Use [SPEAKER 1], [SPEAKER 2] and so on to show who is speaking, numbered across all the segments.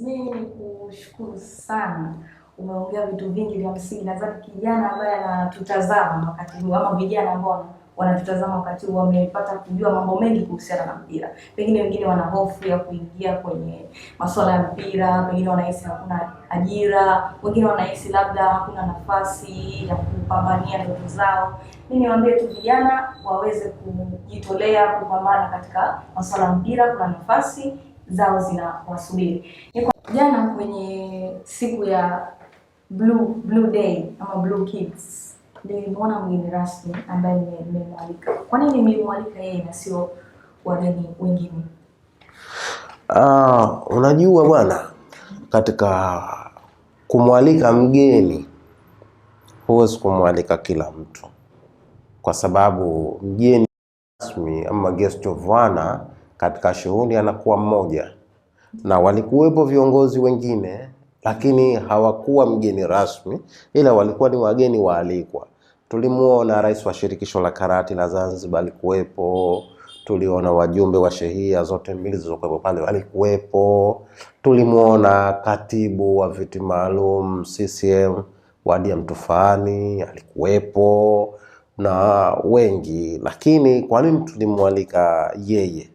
[SPEAKER 1] Mimi ni kushukuru sana, umeongea vitu vingi vya msingi. Nadhani kijana ambaye anatutazama wakati huu ama vijana ambao wanatutazama wakati huu wamepata kujua mambo mengi kuhusiana na mpira. Pengine wengine wana hofu ya kuingia kwenye masuala ya mpira, pengine wanahisi hakuna ajira, wengine wanahisi labda hakuna nafasi ya kupambania ndoto zao. Mimi niwaambie tu vijana waweze kujitolea kupambana katika masuala ya mpira, kuna nafasi zao zinawasubiri. Niko jana kwenye siku ya Blue Blue Day ama Blue Kids nilimwona mgeni rasmi ambaye nimemwalika. Kwa nini nimemwalika yeye na sio wageni wengine?
[SPEAKER 2] Ah, unajua bwana, katika kumwalika mgeni huwezi kumwalika kila mtu, kwa sababu mgeni rasmi ama guest of honor katika shughuli anakuwa mmoja, na walikuwepo viongozi wengine, lakini hawakuwa mgeni rasmi, ila walikuwa ni wageni waalikwa. Tulimuona rais wa shirikisho la karati la Zanzibar alikuwepo, tuliona wajumbe wa shehia zote mbili zilizokuwepo pale walikuwepo, tulimuona katibu wa viti maalum CCM wadi ya Mtufani alikuwepo na wengi, lakini kwa nini tulimwalika yeye?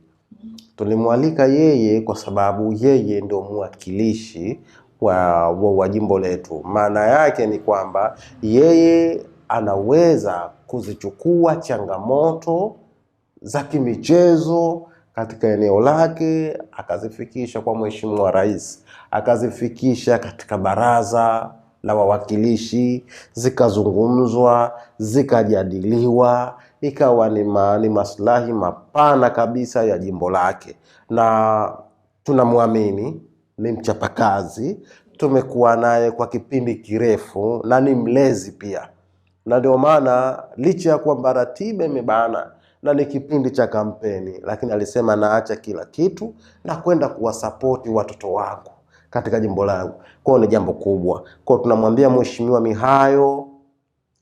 [SPEAKER 2] Tulimwalika yeye kwa sababu yeye ndio mwakilishi wa, wa, wa jimbo letu. Maana yake ni kwamba yeye anaweza kuzichukua changamoto za kimichezo katika eneo lake akazifikisha kwa Mheshimiwa Rais, akazifikisha katika baraza la wawakilishi zikazungumzwa, zikajadiliwa, ikawa ni, ma, ni maslahi mapana kabisa ya jimbo lake, na tunamwamini ni mchapakazi, tumekuwa naye kwa kipindi kirefu na ni mlezi pia, na ndio maana licha ya kwamba ratiba imebana na ni kipindi cha kampeni, lakini alisema naacha kila kitu na kwenda kuwasapoti watoto wangu katika jimbo langu. Kwao ni jambo kubwa. Kwao tunamwambia Mheshimiwa Mihayo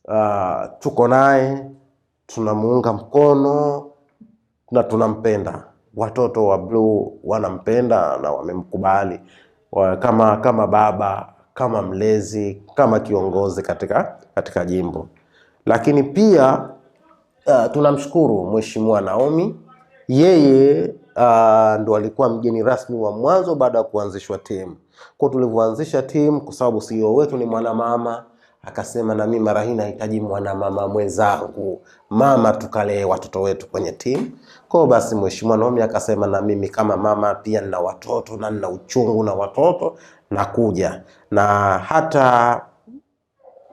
[SPEAKER 2] uh, tuko naye, tunamuunga mkono na tunampenda. Watoto wa Blue wanampenda na wamemkubali kama kama baba, kama mlezi, kama kiongozi katika katika jimbo. Lakini pia uh, tunamshukuru Mheshimiwa Naomi, yeye uh, ndo alikuwa mgeni rasmi wa mwanzo baada ya kuanzishwa timu. Kwa tulivyoanzisha timu, kwa sababu CEO wetu ni mwanamama, akasema na mimi mara hii nahitaji mwanamama mwenzangu, mama tukalee watoto wetu kwenye timu. Kwa basi mheshimiwa Nomi akasema na mimi kama mama pia nina watoto na nina uchungu na watoto, nakuja na hata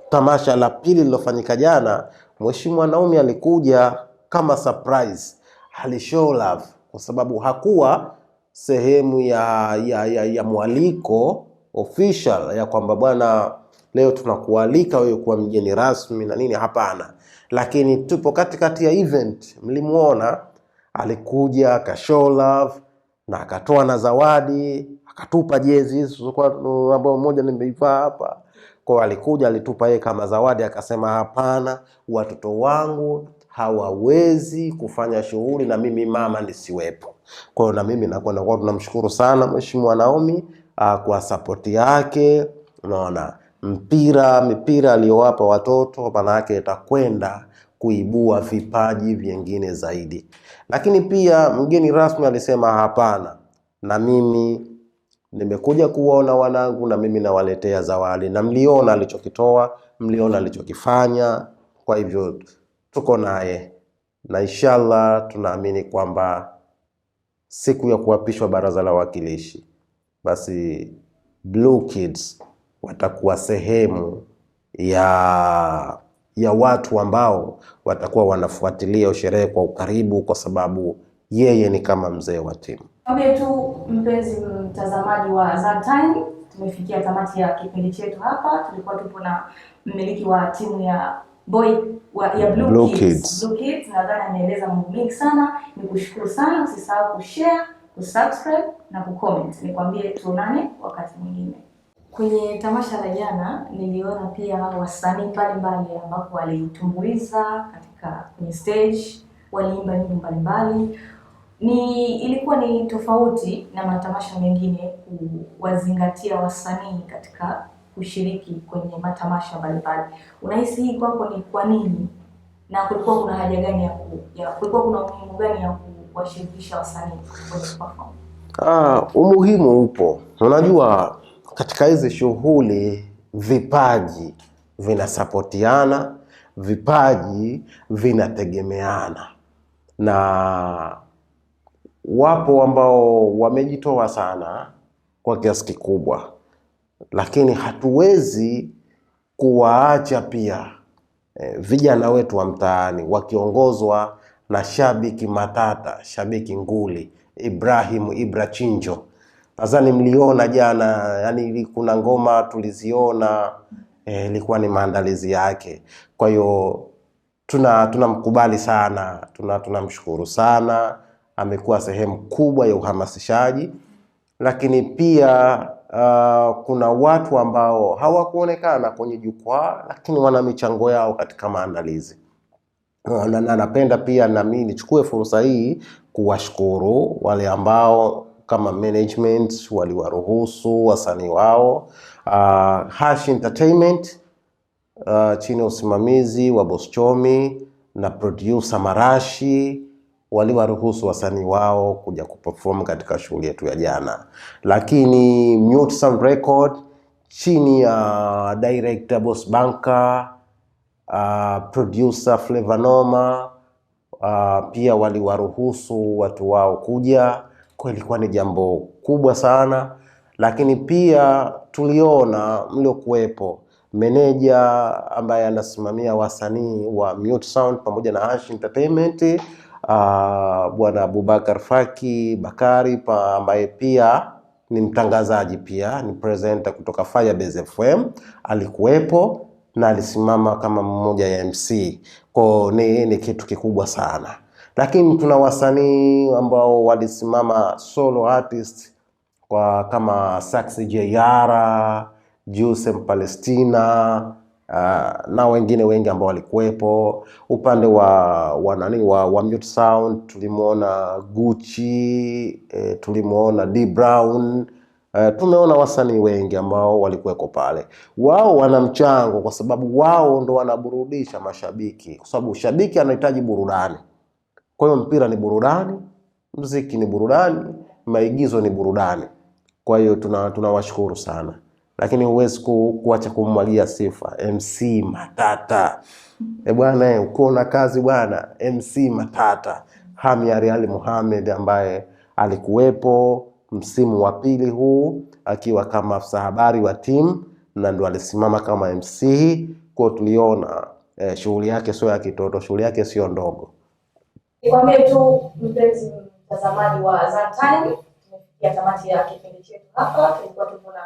[SPEAKER 2] tamasha la pili lilofanyika jana, mheshimiwa Naomi alikuja kama surprise, alishow love kwa sababu hakuwa sehemu ya, ya, ya, ya mwaliko official ya kwamba bwana, leo tunakualika wewe kuwa mgeni rasmi na nini. Hapana, lakini tupo katikati ya event. Mlimuona alikuja akashow love na akatoa na zawadi akatupa jezi hizo ambayo mmoja nimeivaa hapa kwao. Alikuja alitupa yeye kama zawadi, akasema hapana, watoto wangu hawawezi kufanya shughuli na mimi mama nisiwepo. Kwa hiyo na mimi nakwenda kwa, tunamshukuru sana Mheshimiwa Naomi uh, kwa sapoti yake. Unaona mpira mipira aliyowapa watoto, maana yake itakwenda kuibua vipaji vingine zaidi. Lakini pia mgeni rasmi alisema hapana, na mimi nimekuja kuwaona wanangu, na mimi nawaletea zawadi, na mliona alichokitoa, mliona alichokifanya, kwa hivyo tuko naye na inshallah tunaamini kwamba siku ya kuapishwa baraza la wawakilishi, basi Blue Kids watakuwa sehemu ya ya watu ambao watakuwa wanafuatilia sherehe kwa ukaribu, kwa sababu yeye ni kama mzee wa timu.
[SPEAKER 1] Tu mpenzi mtazamaji wa Zantime, tumefikia tamati ya kipindi chetu hapa. Tulikuwa tupo na mmiliki wa timu ya boy wa, ya Blue, Blue Kids. Kids. Blue Kids nadhani ameeleza mambo mengi sana. kushukuru sana, usisahau kushare, kusubscribe na kucomment. Nikwambie tuonane wakati mwingine. Kwenye tamasha la jana niliona pia wasanii mbalimbali ambapo walitumbuiza katika kwenye stage, waliimba nyimbo mbalimbali. Ni ilikuwa ni tofauti na matamasha mengine kuwazingatia wasanii katika kushiriki kwenye matamasha mbalimbali. Unahisi hii kwako ni kwa nini, na kulikuwa kuna haja gani ya ku, ya kulikuwa kuna umuhimu gani ya kuwashirikisha wasanii kwenye perform?
[SPEAKER 2] Ah, umuhimu upo. Unajua, katika hizi shughuli vipaji vinasapotiana, vipaji vinategemeana, na wapo ambao wamejitoa sana kwa kiasi kikubwa lakini hatuwezi kuwaacha pia e, vijana wetu wa mtaani wakiongozwa na shabiki matata, shabiki nguli ibrahim Ibra Chinjo. Nadhani mliona jana, yani kuna ngoma tuliziona eh, ilikuwa e, ni maandalizi yake. Kwa hiyo tuna tunamkubali sana, tuna tunamshukuru sana, amekuwa sehemu kubwa ya uhamasishaji, lakini pia uh, kuna watu ambao hawakuonekana kwenye jukwaa, lakini wana michango yao katika maandalizi ah, na napenda pia na mimi nichukue fursa hii kuwashukuru wale ambao kama management waliwaruhusu wasanii wao uh, ah, Hash Entertainment uh, chini ya usimamizi wa Boss Chomi na producer Marashi waliwaruhusu wasanii wao kuja kuperform katika shughuli yetu ya jana, lakini Mute Sound Record chini ya director Boss Banka, uh, producer Flavor Noma uh, ah, pia waliwaruhusu watu wao kuja kwa, ilikuwa ni jambo kubwa sana, lakini pia tuliona mliokuwepo meneja ambaye anasimamia wasanii wa Mute Sound pamoja na Ash Entertainment uh, bwana Abubakar Faki Bakari ambaye pia ni mtangazaji pia ni presenter kutoka Firebase FM alikuwepo na alisimama kama mmoja ya MC. Kwa ni, ni kitu kikubwa sana, lakini tuna wasanii ambao walisimama solo artist kwa kama Saxy Jayara, Juice Palestina Uh, ah, na wengine wengi ambao walikuwepo upande wa wa nani wa, wa Mute Sound tulimwona Gucci eh, tulimwona D Brown Uh, tumeona wasanii wengi ambao walikuweko pale. Wao wana mchango kwa sababu wao ndo wanaburudisha mashabiki, kwa sababu shabiki anahitaji burudani. Kwa hiyo mpira ni burudani, mziki ni burudani, maigizo ni burudani. Kwa hiyo tunawashukuru tuna sana lakini huwezi ku, kuacha kumwagia sifa MC Matata. E bwana, eh, uko na kazi bwana. MC Matata Hamiari Real Mohamed ambaye alikuwepo msimu wa pili huu akiwa kama afisa habari wa timu na ndo alisimama kama MC kwa tuliona eh, shughuli yake sio ya kitoto, shughuli yake sio ndogo.
[SPEAKER 1] Nikwambie tu mpenzi mtazamaji wa Zantime, tumefikia tamati ya kipindi chetu hapa, tulikuwa tuna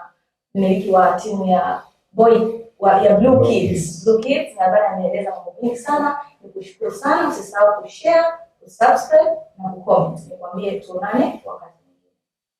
[SPEAKER 1] mmiliki wa timu ya boy wa, ya Blue Kids. Blue Kids nadhani ameeleza mambo mengi sana. Nikushukuru sana, usisahau kushare, kusubscribe na kucomment. Nikwambie tuonane wakati